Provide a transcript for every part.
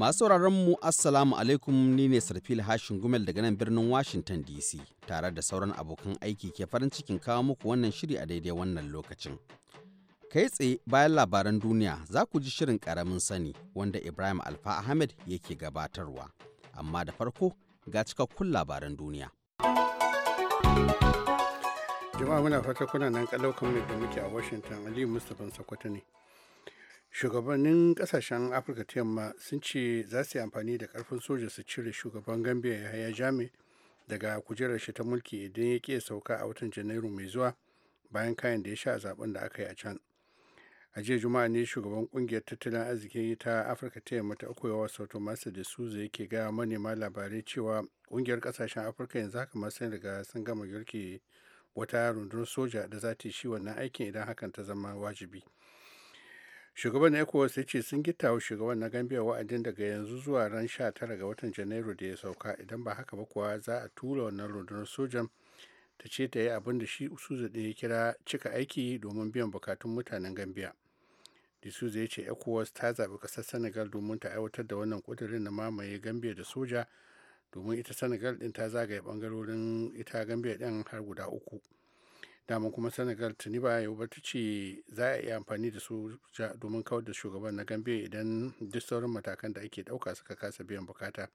Masu mu Assalamu alaikum ni ne Sarfil Hashin Gumel daga nan birnin Washington DC tare da sauran abokan aiki ke farin cikin kawo muku wannan shiri a daidai wannan lokacin. Kai tsaye bayan labaran duniya za ku ji shirin karamin sani wanda Ibrahim Alfa Ahmed yake gabatarwa. Amma da farko ga cikakkun labaran duniya. Jama'a muna fata kuna nan kalau mai da muke a Washington Aliyu Mustapha Sokoto ne. shugabannin kasashen afirka ta yamma sun ce za su yi amfani da karfin soja su cire shugaban gambia yahaya jami daga kujerar shi ta mulki idan ya ke sauka a watan janairu mai zuwa bayan kayan da ya sha a zaben da aka yi a can a jiya juma'a ne shugaban kungiyar tattalin arziki ta afirka ta yamma ta akoyawa sauto masu da su zai ke gaya manema labarai cewa kungiyar kasashen afirka yanzu haka masu riga sun gama girki wata rundunar soja da za ta yi shi wannan aikin idan hakan ta zama wajibi shugaban ecowas ya ce sun gita wa shugaban na gambia wa'adin daga yanzu zuwa ran 19 ga watan janairu da ya sauka idan ba haka ba kuwa za a tura wannan rundunar sojan ta ce ta yi abin da shi usuza ɗin ya kira cika aiki domin biyan bukatun mutanen gambia d'souza ya ce ecowas ta zaɓi ƙasar senegal domin ta aiwatar da wannan ƙudurin na mamaye gambia da soja domin ita senegal ɗin ta zagaye ɓangarorin ita gambia ɗin har guda uku dama kuma senegal tuni ba yau ba ta ce za a iya amfani da su domin kawar da shugaban na gambe idan duk sauran matakan da ake dauka suka kasa biyan bukata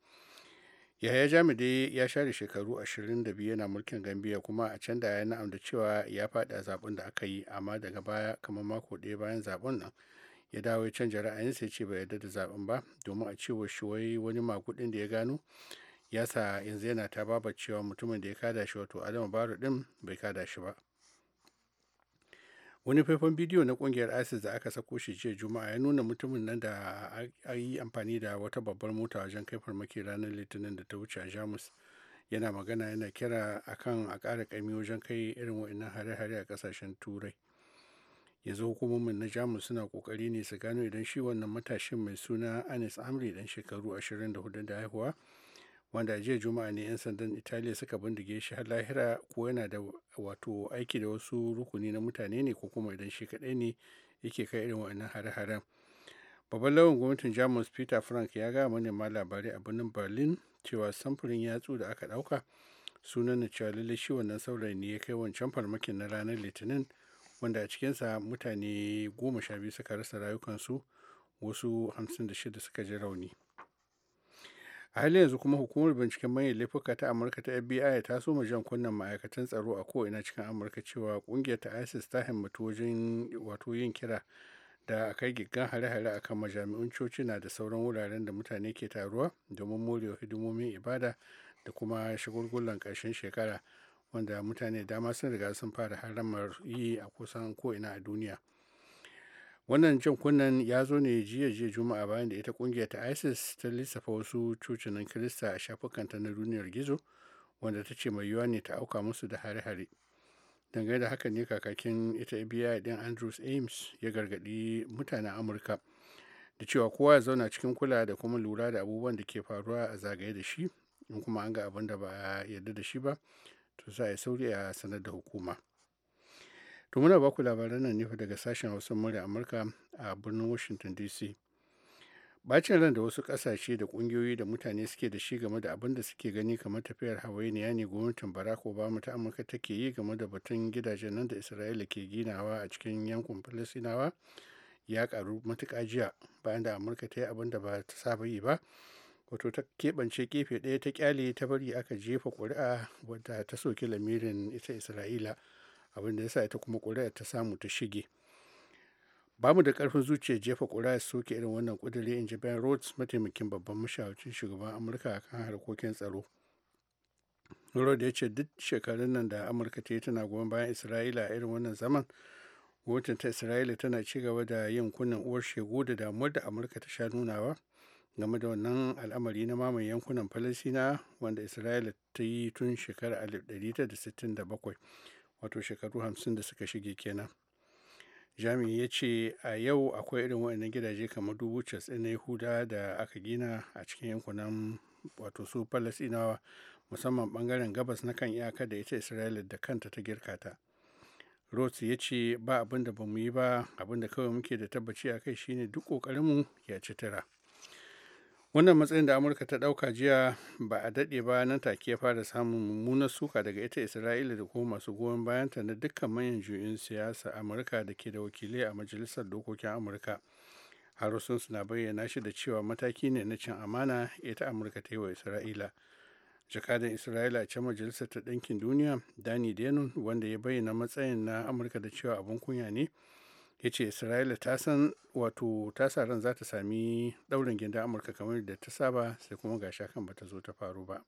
yahaya jami'ai ya share shekaru 22 yana mulkin gambiya kuma a can da ya na'am da cewa ya faɗi a zaben da aka yi amma daga baya kamar mako daya bayan zaben nan ya dawo ya canja ra'ayin sai ce bai yarda da zaben ba domin a cewa shi wai wani makudin da ya gano ya sa yanzu yana ta baba cewa mutumin da ya kada shi wato adamu baro din bai kada shi ba wani faifan bidiyo na kungiyar isis da aka sako shi jiya juma'a ya nuna mutumin nan da a yi amfani da wata babbar mota wajen kai farmaki ranar litinin da ta wuce a jamus yana magana yana kira akan a ƙara ƙaimi wajen kai irin wa'annan hare-hare a kasashen turai yanzu hukumomin na jamus suna kokari ne su gano idan shi wannan matashin mai suna anis amri dan shekaru 24 da haihuwa wanda a jiya juma'a ne 'yan sandan italiya suka bindige shi har lahira ko yana da wato aiki da wasu rukuni na mutane ne ko kuma idan shi kaɗai ne yake kai irin wa'annan hare-haren babban lawan gwamnatin jamus peter frank ya gaya manema labarai a birnin berlin cewa samfurin yatsu da aka ɗauka sunan na cewa lallai shi wannan saurayi ne ya kai wancan farmakin na ranar litinin wanda a cikinsa mutane goma sha biyu suka rasa rayukansu wasu hamsin da shida suka ji rauni a halin yanzu kuma hukumar binciken manyan laifuka ta amurka ta fbi ta soma jan kunnen ma'aikatan tsaro a ko ina cikin amurka cewa kungiyar ta isis ta himmatu wajen wato yin kira da a kai giggan hare-hare a kan majami'un na da sauran wuraren da mutane ke taruwa domin morewa hidimomin ibada da kuma shagulgulan karshen shekara wanda mutane dama sun riga sun fara haramar yi a kusan ko'ina a duniya. wannan jan kunnan ya zo ne jiya jiya juma'a bayan da ita kungiyar ta isis ta lissafa wasu cocinan kirista a shafukanta na duniyar gizo wanda ta ce mai yiwuwa ne ta auka musu da hare-hare dangane da haka ne kakakin ita fbi din andrews ames ya gargadi mutanen amurka da cewa kowa ya zauna cikin kula da kuma lura da abubuwan da ke faruwa a zagaye da shi in kuma an ga abin da ba a yarda da shi ba to za a sauri a sanar da hukuma to muna baku labaran nan ne daga sashen hausa murya amurka a birnin washington dc bacin ran da wasu kasashe da kungiyoyi da mutane suke da shi game da abin da suke gani kamar tafiyar hawainiya ne gwamnatin barack obama ta amurka take yi game da batun gidajen nan da isra'ila ke ginawa a cikin yankun falasinawa ya karu matuƙa jiya bayan da amurka ta yi abin da ba ta saba yi ba wato ta keɓance gefe ɗaya ta kyale ta bari aka jefa ƙuri'a wadda ta soki lamirin ita isra'ila abin da ya sa ita kuma ƙuri'ar ta samu ta shige ba mu da ƙarfin zuciya jefa ƙuri'ar soke irin wannan ƙudiri in ji ben rhodes mataimakin babban mashawarcin shugaban amurka a kan harkokin tsaro rhodes ya ce duk shekarun nan da amurka ta yi tana goyon bayan isra'ila a irin wannan zaman gwamnatin ta isra'ila tana ci gaba da yin kunnen uwar shegu da damuwar da amurka ta sha nunawa game da wannan al'amari na mamaye yankunan falasina wanda isra'ila ta yi tun shekarar 1967 wato shekaru hamsin da suka shige kenan jami ya ce a yau akwai irin waɗannan gidaje kamar dubu casa'in na yahuda da aka gina a cikin yankunan wato su palestinawa musamman bangaren gabas na kan iyaka da ita isra'ila da kanta ta girka ta rhodes ya ce ba abinda da ba mu yi ba abinda da kawai muke da tabbaci a kai shine duk ƙoƙarinmu ya ci tara wannan matsayin da amurka ta ɗauka jiya ba a daɗe ba nan take ya fara samun mummunar suka daga ita isra'ila da kuma masu goyon bayanta na dukkan manyan juyin siyasa amurka da ke da wakilai a majalisar dokokin amurka harusun na bayyana shi da cewa mataki ne na cin amana ita amurka ta yi wa isra'ila jakadan isra'ila a can majalisar ta ɗinkin duniya dani denon wanda ya bayyana matsayin na amurka da cewa abun kunya ne ya ce isra'ila ta san wato ta sa ran za ta sami daurin gindin amurka kamar da ta saba sai kuma ga shakan ba ta zo ta faru ba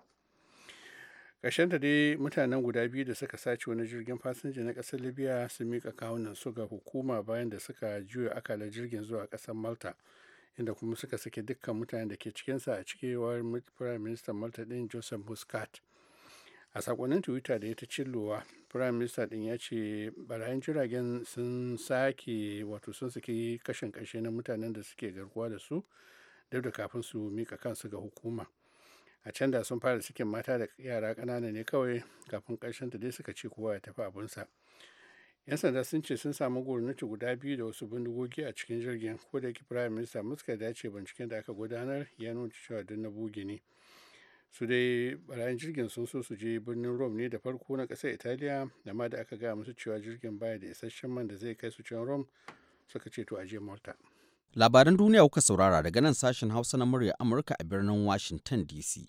ƙarshenta dai mutanen guda biyu da suka sace wani jirgin fasinja na ƙasar libya sun miƙa kawunan su ga hukuma bayan da suka juya akalar jirgin zuwa ƙasar malta inda kuma suka sake dukkan mutanen da ke cikinsa a cikewar prime minister malta ɗin joseph muscat a sakonnin twitter da ya ta cillowa prime minister din ya ce barayin jiragen sun sake wato sun suke kashin kashe na mutanen da suke garkuwa da su duk da kafin su mika kansu ga hukuma a can da sun fara cikin mata da yara kanana ne kawai kafin karshen ta dai suka ce kowa ya tafi abunsa yan sanda sun ce sun samu gwamnati guda biyu da wasu bindigogi a cikin jirgin ko da yake prime minister muska da ce binciken da aka gudanar ya nuna cewa duk na buge ne su dai barayin jirgin sun so su je birnin rome ne da farko na ƙasar italiya da ma da aka gaya musu cewa jirgin baya da isasshen man da zai kai su can rome suka ce to a je malta labaran duniya kuka saurara daga nan sashen hausa na murya amurka a birnin washington dc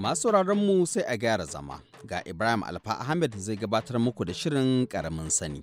Masu mu sai a gyara zama, ga Ibrahim Alfa Ahmed zai gabatar muku da shirin karamin sani.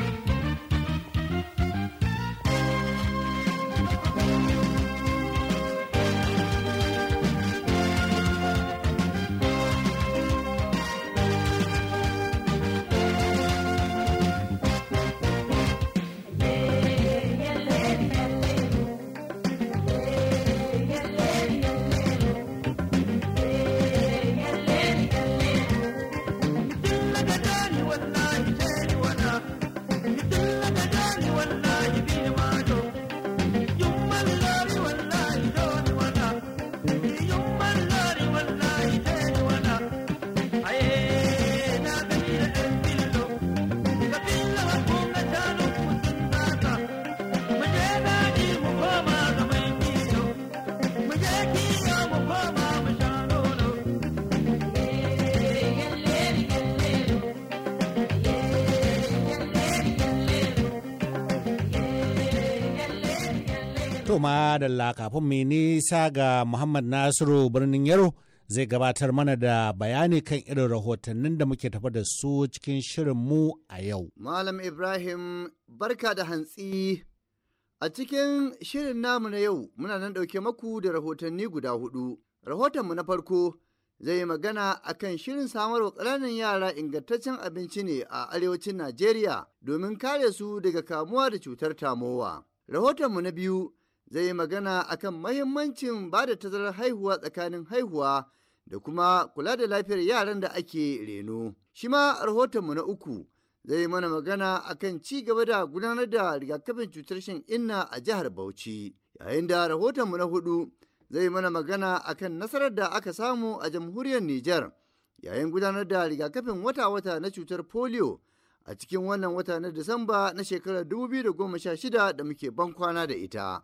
To ma da kafin mai nisa ga Muhammad Nasiru birnin Yaro zai gabatar mana da bayani kan irin rahotannin da muke tafa da su cikin shirin mu a yau. Malam Ibrahim barka da hantsi a cikin shirin namu na yau muna nan ɗauke maku da rahotanni guda hudu. Rahotonmu na farko zai yi magana a kan shirin samarwa ƙananan yara ingantaccen abinci ne a arewacin Najeriya domin kare su daga kamuwa da cutar tamowa. Rahotonmu na biyu zai yi magana akan mahimmancin ba da tazarar haihuwa tsakanin haihuwa da kuma kula da lafiyar yaran da ake reno. Shi ma rahotonmu na uku zai mana magana akan ci gaba da gudanar da rigakafin cutar shan inna a jihar Bauchi. Yayin da rahotonmu na hudu zai mana magana akan nasarar da aka samu a jamhuriyar Nijar yayin gudanar da rigakafin wata-wata na cutar polio a cikin wannan wata na Disamba na shekarar 2016 da muke bankwana da ita.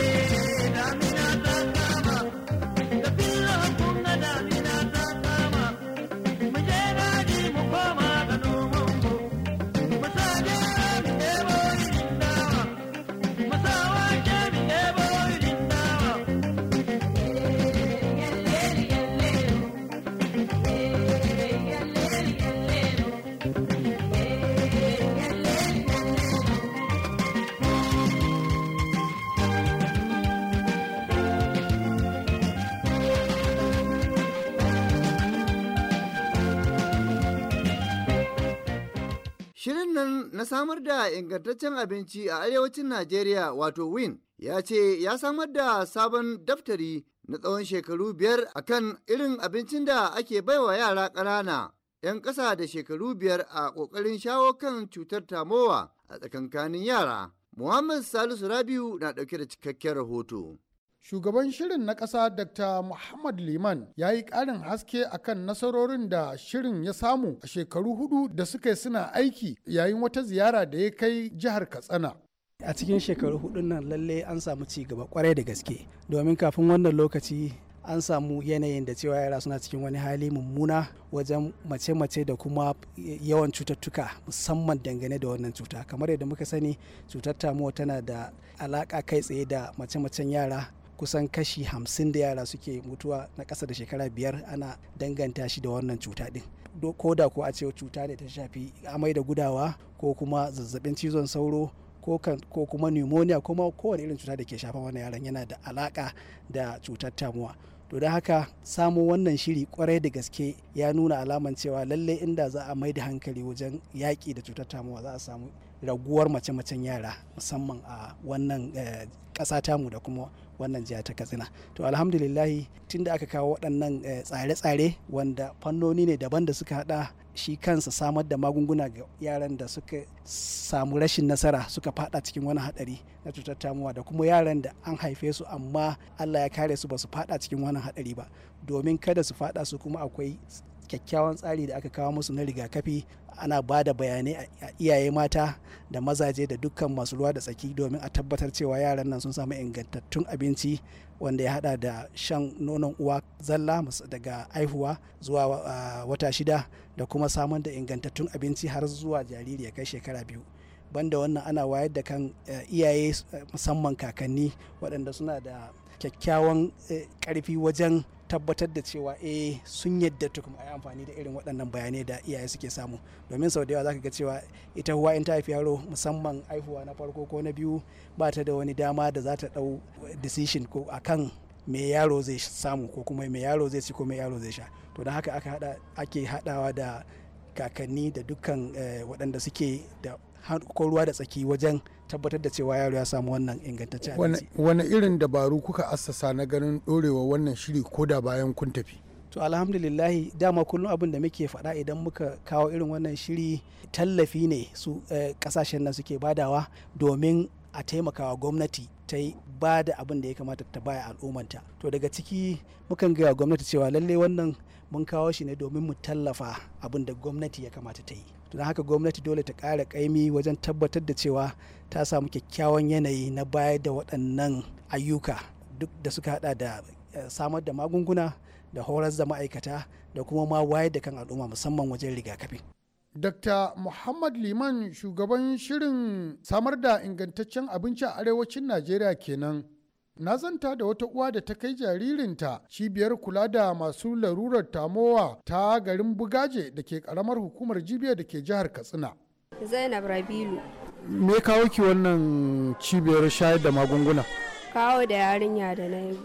na samar da ingantaccen abinci a arewacin Najeriya wato WIN ya ce ya samar da sabon daftari na tsawon shekaru biyar a kan irin abincin da ake baiwa yara ƙanana 'yan ƙasa da shekaru biyar a ƙoƙarin shawo kan cutar tamowa a tsakankanin yara. Muhammad Salisu Rabiu na ɗauke da cikakken rahoto. shugaban shirin na ƙasa dr muhammad liman ya yi ƙarin haske akan nasarorin da shirin ya samu a shekaru hudu da suka suna aiki yayin wata ziyara da ya kai jihar katsina a cikin shekaru hudun nan lalle an samu ci gaba kwarai da gaske domin kafin wannan lokaci an samu yanayin da cewa yara suna cikin wani hali mummuna wajen mace-mace da kuma yawan cututtuka musamman dangane da wannan cuta kamar yadda muka sani cutar tamuwa tana da alaka kai tsaye da mace-macen yara kusan kashi hamsin da yara suke mutuwa na ƙasa da shekara biyar ana danganta shi da wannan cuta ɗin ko da ko a ce cuta ne ta shafi amai da gudawa ko kuma zazzabin cizon sauro ko kuma pneumonia ko kuma kowane irin cuta da ke shafa wannan yaran yana da alaka da cutar tamuwa to da haka samun wannan shiri kwarai da gaske ya nuna alaman cewa lallai inda za a mai da hankali wajen yaƙi da cutar tamuwa za a samu raguwar mace-macen yara musamman a wannan eh, ƙasa tamu da kuma wannan jiya ta katsina to alhamdulillahi tunda tunda aka kawo waɗannan eh, tsare-tsare wanda fannoni ne daban da suka haɗa shi kansa samar da magunguna ga yaran da suka samu rashin nasara suka fada cikin wani hadari na cutar tamuwa da kuma yaran da an haife su amma allah ya kare su ba su fada cikin wani hadari ba domin kada su fada su kuma akwai kyakkyawan tsari da aka kawo musu na rigakafi ana ba da bayanai a iyaye mata da mazaje da dukkan masu ruwa da tsaki domin a tabbatar cewa yaran nan sun samu ingantattun abinci wanda ya hada da shan nonon uwa zalla daga aihuwa zuwa wata shida da kuma samun da ingantattun abinci har zuwa jariri ya kai shekara biyu banda wannan ana wayar da kan e, iyaye e, musamman kakanni waɗanda suna da kyakkyawan karfi e, wajen tabbatar da cewa eh sun yadda tukun a yi amfani da irin waɗannan bayanai da iyaye suke samu domin sau da yawa za ka ga cewa ita huwa in ta haifi yaro musamman aihuwa na farko ko na biyu ba ta da wani dama da za ta ɗau decision ko a kan me yaro zai samu ko kuma me yaro zai ci ko me yaro zai sha to don haka ake haɗawa da kakanni da dukkan eh, waɗanda suke da ko ruwa da tsaki wajen tabbatar da cewa yaro ya samu wannan ingantaccen abinci wani irin dabaru kuka assasa na ganin dorewa wannan shiri ko da bayan kun tafi to alhamdulillahi dama kullum abin da muke faɗa idan muka kawo irin wannan shiri tallafi ne su kasashen eh, nan suke badawa domin a taimakawa gwamnati ta yi ba da abin da ya kamata ta baya al'ummanta to daga ciki mukan gaya gwamnati cewa lallai wannan mun kawo shi ne domin mu tallafa abin da gwamnati ya kamata ta yi to don haka gwamnati dole ta kara kaimi wajen tabbatar da cewa ta samu kyakkyawan yanayi na bayar da waɗannan ayyuka duk da suka hada da eh, samar da magunguna da horar da ma'aikata da kuma ma wayar da kan al'umma musamman wajen rigakafi. Dr. Muhammad Liman shugaban shirin samar da ingantaccen abinci a arewacin Najeriya kenan. na zanta da wata uwa da ta kai jaririnta cibiyar kula da masu larurar tamowa ta garin bugaje da ke karamar hukumar jibiya da ke jihar katsina zainab rabilu me kawo ki wannan cibiyar shayar da magunguna kawo da yarinya da na yi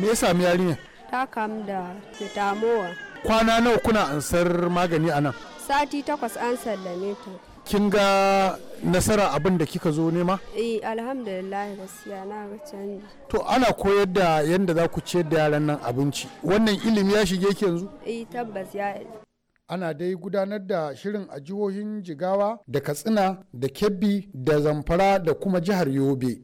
me ya sami yarinya ta kam da tamowa kwana nawa kuna ansar magani a nan sati takwas an sallame ta kin ga nasara abin da kika zo nema? Eh alhamdulillah gaskiya na ga canji. To ana koyar da yadda za ku ciyar da yaran nan abinci. Wannan ilimi ya shige ki yanzu? Eh tabbas ya Ana dai gudanar da shirin a jihohin Jigawa da Katsina da Kebbi da Zamfara da kuma jihar Yobe.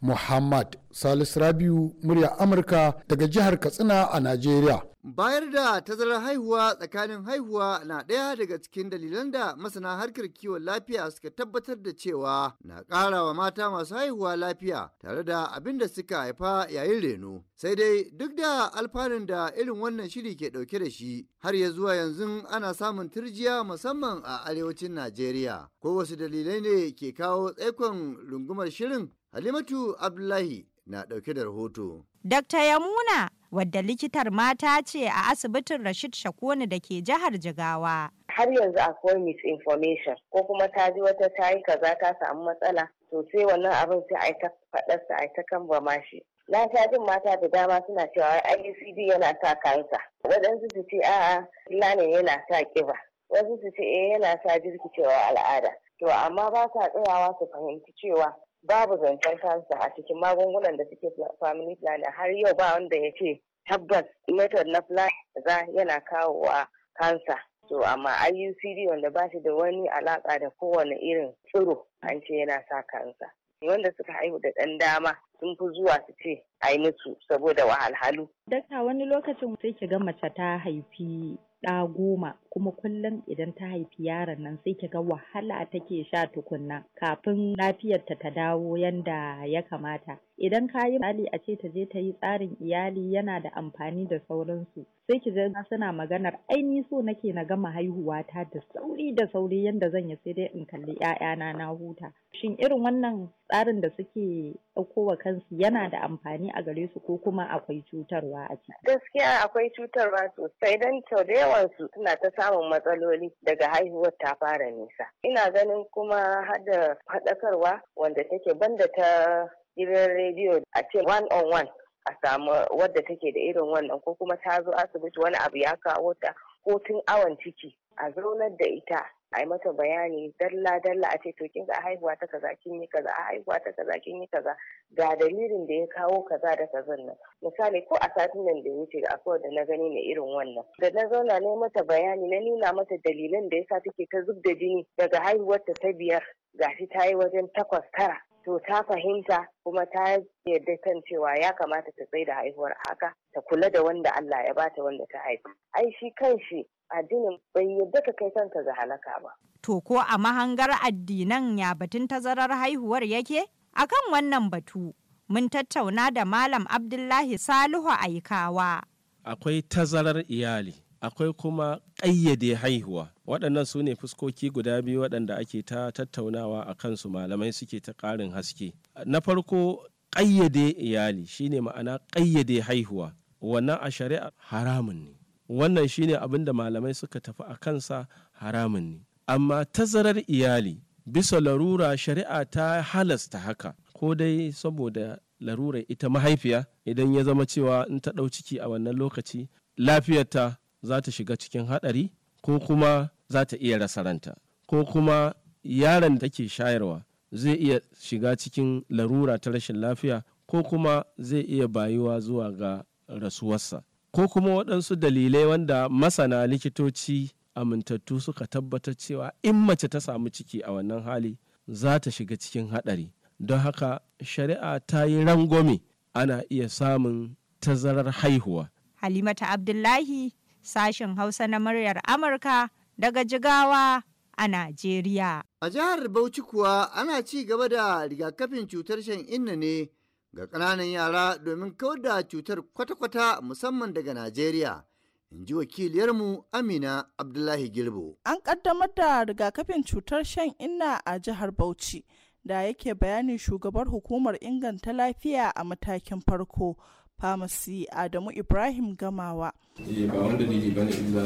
Muhammad Salisu Rabiu murya Amurka daga jihar Katsina a Najeriya. Bayar da tazarar haihuwa tsakanin haihuwa na ɗaya daga cikin dalilan da masana harkar kiwon lafiya suka tabbatar da cewa na ƙara wa mata masu haihuwa lafiya tare da abin da suka haifa yayin reno. Sai dai duk da alfanun da irin wannan shiri ke ɗauke da shi har ya zuwa yanzu ana samun turjiya musamman a arewacin Najeriya. Ko wasu dalilai ne ke kawo tsaikon rungumar shirin? Halimatu Abdullahi na ɗauke da rahoto. Dr. Yamuna wadda likitar mata ce a asibitin Rashid Shakoni da ke jihar Jigawa. Har yanzu akwai misinformation ko kuma ta ji wata ta yi kaza ta samu matsala sosai wannan abin sai a yi ta faɗarsa a ta kan mashi. Na sha jin mata da dama suna cewa IUCD yana sa kansa. Wadansu su ce a'a ne yana sa kiba." Wasu su ce eh yana sa jirkicewa al'ada. To amma ba sa tsayawa su fahimci cewa babu zancen kansa a cikin magungunan da suke family planning har yau ba wanda ya ce tabbas method na plan za yana kawowa kansa to amma IUCD wanda ba shi da wani alaka da kowane irin tsiro an ce yana sa kansa wanda suka haihu da ɗan dama sun fi zuwa su ce a yi saboda wahalhalu. Dakta wani lokacin sai ki ga mace ta haifi ɗa goma kuma kullum idan ta haifi yaron nan sai ga wahala take sha tukunna kafin lafiyarta ta dawo yanda ya kamata idan ka yi misali a ce ta je ta yi tsarin iyali yana da amfani da sauransu sai ki ga suna maganar ai so nake na gama haihuwa ta da sauri da sauri yanda zan yi sai dai in kalli ƴaƴana na huta shin irin wannan tsarin da suke ɗaukowa kansu yana da amfani a gare su ko kuma akwai cutarwa a ciki gaskiya akwai cutarwa sosai don to da yawan su suna ta samun matsaloli daga haihuwar ta fara nisa ina ganin kuma hada faɗakarwa wanda take banda ta gidan rediyo a ce one on one a samu wadda take da irin wannan ko kuma ta zo asibiti wani abu ya kawo ta ko tun awon ciki a zaunar da ita a yi mata bayani dalla dalla a ce to kin ga haihuwa ta kaza kin yi kaza a haihuwa ta kaza kin yi kaza ga dalilin da ya kawo kaza da kaza nan misali ko a satin nan da ya wuce akwai da na gani na irin wannan da na zauna na yi mata bayani na nuna mata dalilan da ya sa take ta zub da jini daga haihuwarta ta biyar gashi ta yi wajen takwas tara to ta fahimta kuma ta yarda kan cewa ya kamata ta tsaye da haihuwar haka ta kula da wanda Allah ya bata wanda ta haifa ai shi kan shi addinin bai yarda ka kai kanka ga halaka ba to ko a mahangar addinan ya batun tazarar haihuwar yake akan wannan batu mun tattauna da malam Abdullahi Salihu Aikawa akwai tazarar iyali akwai kuma ƙayyade haihuwa waɗannan su ne fuskoki guda biyu waɗanda ake ta tattaunawa a kansu malamai suke ta ƙarin haske na farko ƙayyade iyali shine ma'ana ƙayyade haihuwa wannan a shari'a haramun ne wannan shine abin da malamai suka tafi a kansa haramun ne amma tazarar iyali bisa larura shari'a ta halasta haka ko dai saboda larura ita mahaifiya idan ya zama cewa in ta ɗau ciki a wannan lokaci lafiyarta za ta shiga cikin haɗari ko kuma za ta iya rasa ranta ko kuma yaron da ke shayarwa zai iya shiga cikin larura ta rashin lafiya ko kuma zai iya bayuwa zuwa ga rasuwarsa ko kuma waɗansu dalilai wanda masana likitoci amintattu suka tabbatar cewa in mace ta samu ciki a wannan hali za ta shiga cikin haɗari don haka shari'a ta yi rangwame ana iya samun tazarar haihuwa halimata abdullahi sashen Hausa na muryar Amurka daga Jigawa a Najeriya. A jihar Bauchi kuwa ana ci gaba da rigakafin cutar shan inna ne ga ƙananan yara domin kawar da cutar kwata-kwata musamman daga Najeriya. in ji wakiliyarmu amina abdullahi gilbo an kaddamar da rigakafin cutar shan inna a jihar bauchi da yake bayani shugabar hukumar inganta lafiya a matakin farko Famasi Adamu Ibrahim Gamawa. Eh, ba wanda ne ba ne illa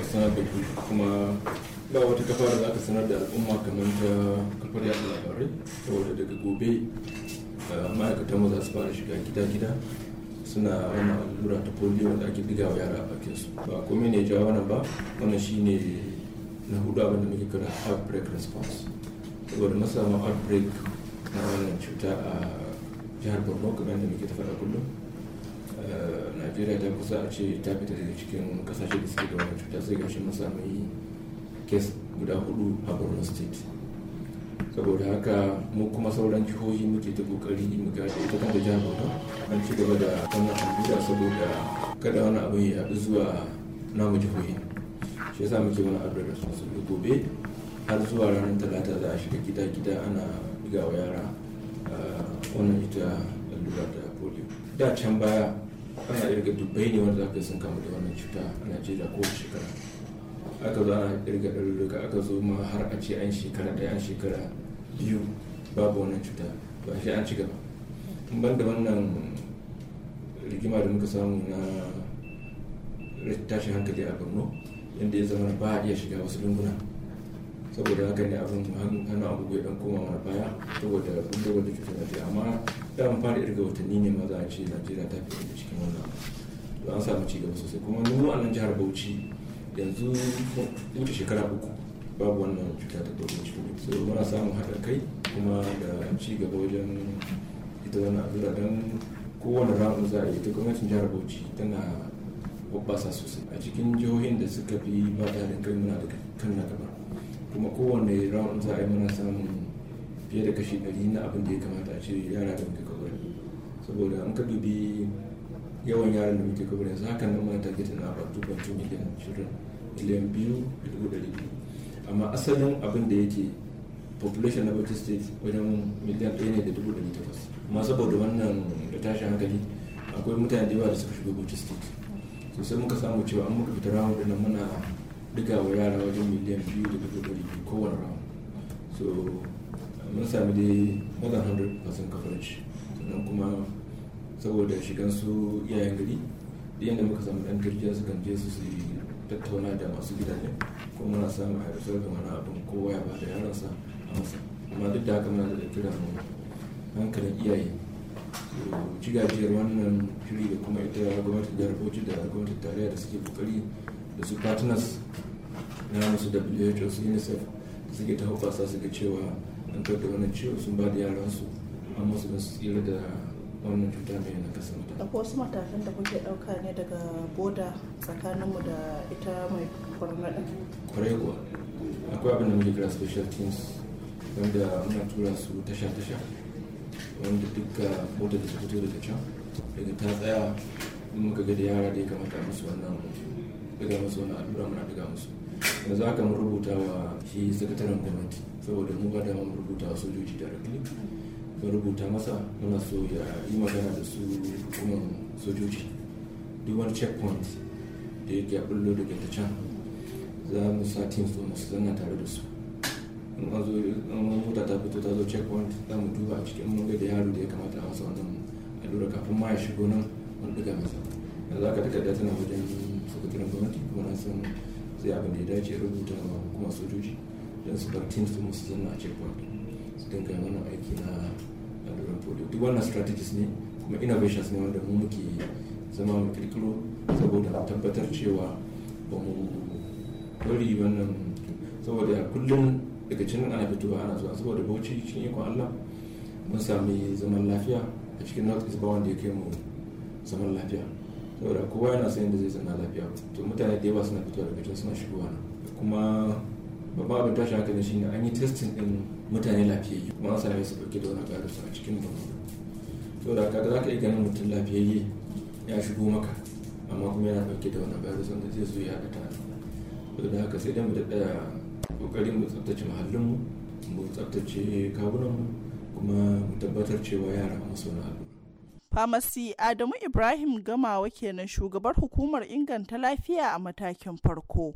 sanar da kuma ba wata kafa da za ka sanar da al'umma kamar ta kafar yata labarai saboda daga gobe eh, ma'aikatan mu za su fara shiga gida-gida suna wannan allura ta polio da ake diga wa yara a bakin su ba komai ne jawo wannan ba wannan shine na hudu abin da muke kira outbreak response saboda na samu outbreak na wannan cuta a jihar borno kamar da muke tafiya kullum eh, najeriya ta kusa a ce ta fita daga cikin kasashe da suke da wani cuta sai gashi mun samu kes guda hudu a borno state saboda haka mu kuma sauran jihohi muke ta kokari mu ga da ita kanta jihar borno an ci gaba da wannan allura saboda kada wani abu ya haɗu zuwa namu jihohi shi yasa muke wani abu da su gobe har zuwa ranar talata za a shiga gida gida ana bugawa yara Eh, wannan ita allura da polio da can baya ana irga dubbai ne wanda zaka sun kamu da wannan cuta a najeriya ko shekara aka zo ana irga ɗarurruka aka zo ma har a ce an shekara ɗaya an shekara biyu babu wannan cuta ba shi an ci gaba ban da wannan rigima da muka samu na tashin hankali a borno inda ya zama ba a iya shiga wasu lunguna saboda haka ne abin hannu abu bai dan koma mana baya saboda bullo da cutar da ta amma da an fara irga watanni ne ma za a ce najeriya ta fi da cikin wannan to an samu ci gaba sosai kuma mu a nan jihar bauchi yanzu wuce shekara uku babu wannan cuta ta dogon ciwo so muna samun haɗa kai kuma da ci gaba wajen ita wannan zura don kowane ramu za a yi ta gwamnatin jihar bauchi tana hoɓɓasa sosai a cikin jihohin da suka fi ba da kai muna da kan na gaba kuma kowane round za a yi mana samun fiye da kashi ɗari na abin da ya kamata a ce yara da muke kabar saboda an ka dubi yawan yaran da muke kabar yanzu hakan nan mata gita na about 2.2 miliyan shirin miliyan biyu da dubu ɗari biyu amma asalin abin da yake population na Bauchi state wajen miliyan ɗaya ne da dubu ɗari takwas amma saboda wannan da tashin hankali akwai mutane da yawa da suka shiga Bauchi state sosai muka samu cewa an muka fita rawar da nan muna duka wa yara wajen miliyan biyu da dubu ɗari biyu kowane round so mun sami dai more than 100% coverage sannan kuma saboda shigan su iyayen gari da yadda muka samu ɗan turkiya su kan je su su tattauna da masu gidaje ko muna samun haifisar da wani abin kowa ya ba da yaransa a masa amma duk da haka muna da mu hankalin iyaye ci gajiyar wannan fili da kuma ita gwamnati da bauchi da gwamnati tarayya da suke kokari da su partners na musu who su unicef suke ta hukasa suke cewa an da wannan ciwo sun ba da yaransu amma musu da tsira da wannan cuta mai na kasa mata. Akwai wasu matakan da kuke ɗauka ne daga boda tsakaninmu da ita mai kwarnaɗa? Kwarai kuwa. Akwai abin da muke kira special teams wanda muna tura su tasha-tasha wanda duka boda da su fito daga can daga ta tsaya muka ga da yara da ya kamata musu wannan daga musu wani allura muna daga musu yanzu haka mun rubuta wa shi sakataren gwamnati saboda mu ba mun rubuta wa sojoji da rakli mun rubuta masa muna so ya yi magana da su hukumar sojoji duk wani checkpoint da yake bullo daga ta can za mu sa team su mu zanna tare da su mun an mota ta fito ta zo checkpoint za mu duba a cikin mun da yaro da ya kamata a masa wannan allura kafin ma ya shigo nan mun daga masa yanzu haka takarda tana wajen sakataren gwamnati kuma na san zai abin da ya dace rubuta ma hukuma sojoji don su bar teams kuma su zanna a checkpoint su dinga wannan aiki na laluran polio duk wannan strategies ne kuma innovations ne wanda mu muke zama mu kirkiro saboda a tabbatar cewa ba mu bari wannan saboda kullum daga cikin ana fitowa ana zuwa saboda bauchi cikin ikon allah mun sami zaman lafiya a cikin north east ba wanda ya kai mu zaman lafiya saboda kowa yana sayan da zai zanna lafiya to mutane da yawa suna fitowa daga can suna shigowa nan kuma babban abin tashi ne shine an yi testin din mutane lafiyayye kuma an same su dauke da wani ƙarusa a cikin da to saboda kaga za ka iya ganin mutum lafiyayye ya shigo maka amma kuma yana dauke da wani virus sanda zai zo ya ta to da haka sai dai mu daɗa kokarin mu tsabtace muhallinmu mu tsabtace kawunanmu kuma mu tabbatar cewa yara masu wani abu Famasi Adamu Ibrahim Gamawa kenan shugabar hukumar inganta lafiya a matakin farko.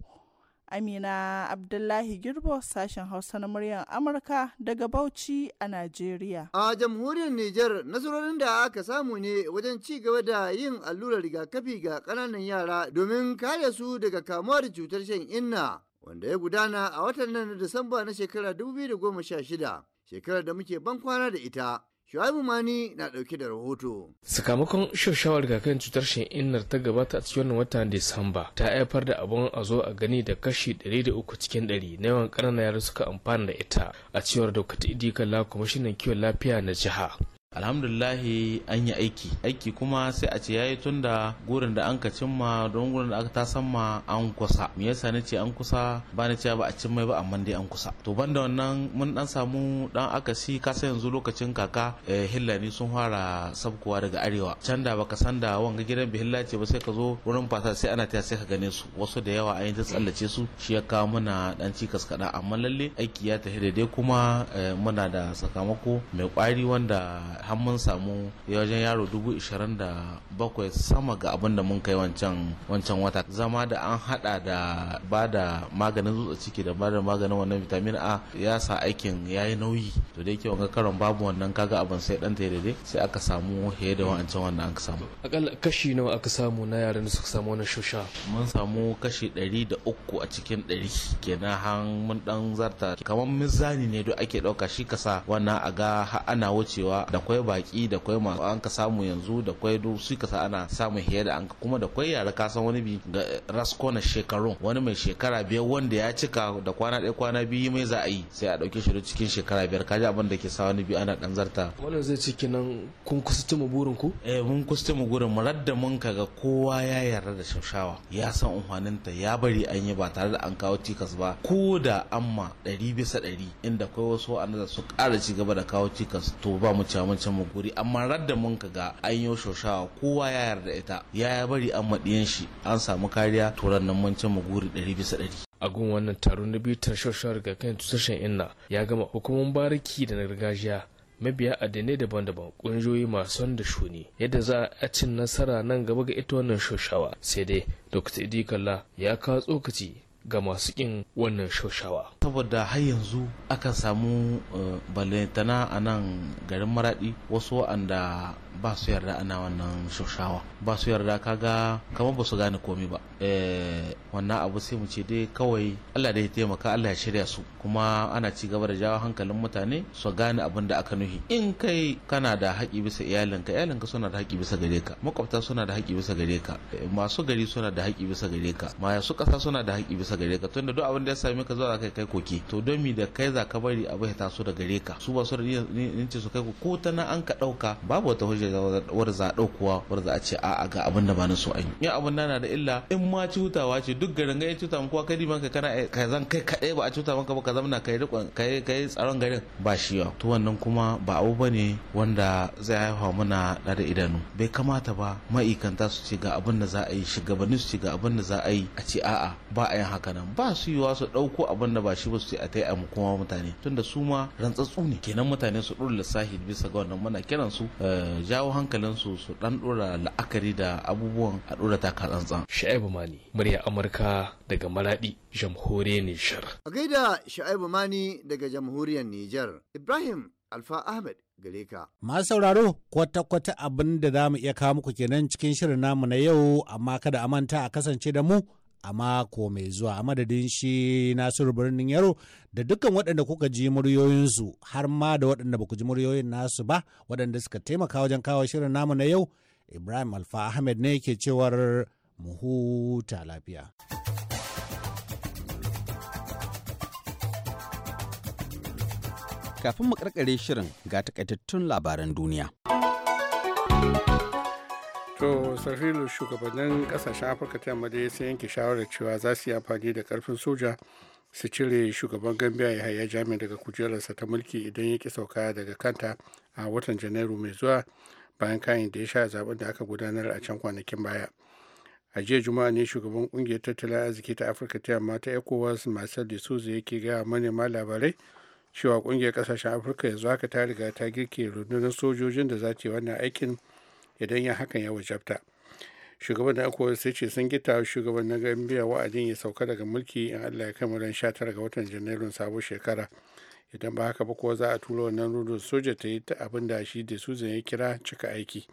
Amina Abdullahi Girbo sashen Hausa na muryar Amurka daga Bauchi a Najeriya. A jamhuriyar Nijar nasarorin da aka samu ne wajen ci gaba da yin allurar rigakafi ga ƙananan yara domin kare su daga kamuwa da cutar shan inna wanda ya gudana a watan nan Disamba na shekara 2016 shekarar da muke ban kwana da ita. Shu'aibu Mani na ɗauke da rahoto. Sakamakon shawarar rigakafin cutar shan'innar ta gabata a cikin watan Disamba ta haifar da abun a zo a gani da kashi 103 cikin 100 na yawan ƙananan yara suka amfana da ita a cewar Dr. Idi Kalla kwamishinan kiwon lafiya na jiha. alhamdulillahi an yi aiki aiki kuma sai a ce yayi tun da gurin da an ka cimma don gurin da aka tasan ma an kusa me yasa nace an kusa ba na ce ba a cimma ba amma dai an kusa to banda wannan mun dan samu dan akasi ka sai yanzu lokacin kaka eh, hillani sun fara sabkowa daga arewa can da baka san da wanga gidan bihilla ce ba sai ka zo wurin fasa sai ana taya sai ka gane su wasu da yawa an yi ta tsallace su shi ya kawo muna dan cikas kaɗan amma lalle aiki ya tafi daidai kuma eh, muna da sakamako mai kwari wanda har mun samu wajen yaro dubu ishirin da bakwai sama ga abin da mun kai wancan wata zama da an hada da ba da maganin zuwa ciki da ba da maganin wannan vitamin a ya sa aikin ya yi nauyi to da yake wanga karon babu wannan kaga abin sai dan dai sai aka samu fiye da wancan wannan aka samu akalla kashi nawa aka samu na yaran da suka samu wannan shusha mun samu kashi ɗari da uku a cikin ɗari kenan han mun dan zarta kamar mizani ne duk ake ɗauka shi kasa wannan a ga ana wucewa da kwai baki da kwai masu an ka samu yanzu da kwai du su ka sa ana samun hiyar da an kuma da kwai yara kasan wani bi ga rasko na shekarun wani mai shekara biyar wanda ya cika da kwana ɗaya kwana biyu mai za a yi sai a ɗauke shi da cikin shekara biyar ji abin da ke sa wani bi ana ɗan zarta. wannan zai ci kenan kun kusurta mu burin ku. eh mun kusurta mu burin mu radda mun kaga kowa ya yarda da shaushawa ya san umhaninta ya bari an yi ba tare da an kawo cikas ba ko da amma ɗari bisa ɗari inda kwai wasu wa'anda su ƙara ci gaba da kawo tikas to ba mu ci wancan maguri amma radda mun ka ga an yi shoshawa kowa ya yarda ita ya bari an maɗiyan shi an samu kariya turan nan wancan maguri ɗari bisa ɗari a gun wannan taron na biyu daga kan tusashen inna ya gama hukumar bariki da na gargajiya mabiya addinai daban-daban kungiyoyi masu da shuni yadda za a cin nasara nan gaba ga ita wannan shoshawa sai dai dr idi kalla ya kawo tsokaci ga masu ƙin wannan shaushawa. saboda har yanzu akan samu eh, balantana a nan garin maraɗi wasu wa'anda ba su yarda ana wannan shoshawa ba su yarda kaga kamar ba su gane komi ba eh, wannan abu sai mu ce dai kawai Allah da ya taimaka Allah ya shirya su kuma ana ci gaba da jawo hankalin mutane su gane abin da aka nuhi in kai kana da haƙi bisa iyalinka iyalinka suna da haƙi bisa gare ka makwabta suna da haƙi bisa gare ka eh, masu gari suna da haƙi bisa gare ka masu ƙasa suna da haƙi bisa gare ka tunda duk abin da ya same ka zuwa kai kai koke to don mi da kai za ka bari abu ya taso da gare ka su ba su da su kai ko ta na an ka ɗauka babu wata hujja ce war za kuwa war za a ce a'a ga abin da ba na so an yi abin na da illa in ma cutawa ce duk garin ya cuta maka kai ma ka kana ka zan kai kaɗai ba a cuta maka ba ka zamana kai rikon ka yi tsaron garin ba shi ba, to wannan kuma ba abu ba ne wanda zai haifa muna da idanu bai kamata ba ma'aikanta su ce ga abin da za a yi shugabanni su ce ga abin da za a yi a ce a'a ba a yin haka nan ba su wa su ɗauko abin da ba shi ba su ce a tai a kuma mutane tunda su ma rantsatsu ne kenan mutane su ɗora lissafi bisa ga wannan muna kiran su eh, jawo hankalinsu su dan dora la'akari da abubuwan a dora ta tsantsan. Sha'ibu Mani, murya Amurka daga Maradi, Jamhuriyar Nijar. A gaida Sha'ibu Mani daga Jamhuriyar Nijar, Ibrahim Alfa Ahmed gare ka. Masu sauraro kwata-kwata abin da za mu iya kawo muku kenan cikin shirin namu na yau amma kada a manta a kasance da mu a mako mai zuwa a madadin shi nasiru birnin yaro da dukkan waɗanda kuka ji muryoyinsu har ma da waɗanda ba ku ji muryoyin nasu ba waɗanda suka taimaka wajen kawo shirin namu na yau ibrahim alfa ahmed ne ke cewar mu huta lafiya. Kafin mu karkare shirin ga takaitattun labaran duniya. to sarfilu shugabannin kasashen afirka ta yamma dai sun yanke shawarar cewa za su yi amfani da karfin soja su cire shugaban gambia ya haya jami daga kujerarsa ta mulki idan ya ki sauka daga kanta a watan janairu mai zuwa bayan kayan da ya sha zaben da aka gudanar a can kwanakin baya a jiya juma'a ne shugaban kungiyar tattalin arziki ta afirka ta yamma ta ecowas marcel de souza ke gaya manema labarai cewa kungiyar kasashen afirka yanzu haka ta riga ta girke rundunar sojojin da za ta yi wannan aikin idan ya hakan ya wajabta shugaban da aka sai ce sun gita shugaban na gambia wa'adin ya sauka daga mulki in allah ya kama ran 19 ga watan janairun sabon shekara idan ba haka ba ko za a tura wannan rudun soja ta yi abin da shi da su ya kira cika aiki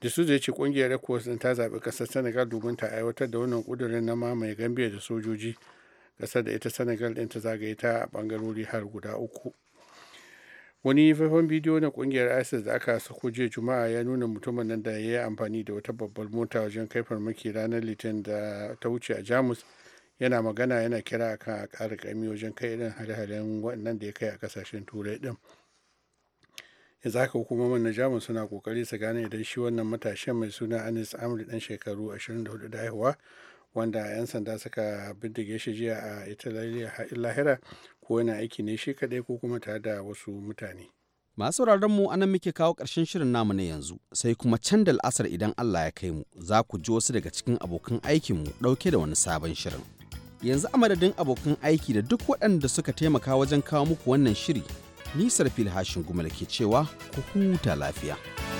da su ya ce kungiyar sun ta zaɓi ƙasar senegal domin ta aiwatar da wannan ƙudurin na mamaye gambia da sojoji ƙasar da ita senegal ɗin ta zagaye ta a ɓangarori har guda uku wani faifan bidiyo na kungiyar isis da aka sako jiya juma'a ya nuna mutumin nan da ya yi amfani da wata babbar mota wajen kai farmaki ranar litinin da ta wuce a jamus yana magana yana kira akan a ƙara ƙami wajen kai irin hare-haren waɗannan da ya kai a kasashen turai ɗin yanzu haka hukumomin na jamus suna ƙoƙari su gane idan shi wannan matashin mai suna anis amri ɗan shekaru 24 da haihuwa wanda 'yan sanda suka bindige shi jiya a italiya lahira ko yana aiki ne shi kaɗai ko kuma tare da wasu mutane. Masu mu anan muke kawo ƙarshen shirin namu na yanzu sai kuma can da al'asar idan Allah ya kai mu za ku ji wasu daga cikin abokan aikin mu ɗauke da wani sabon shirin. Yanzu a madadin abokan aiki da duk waɗanda suka taimaka wajen kawo muku wannan shiri, Nisar Filhashin Gumal ke cewa ku huta lafiya.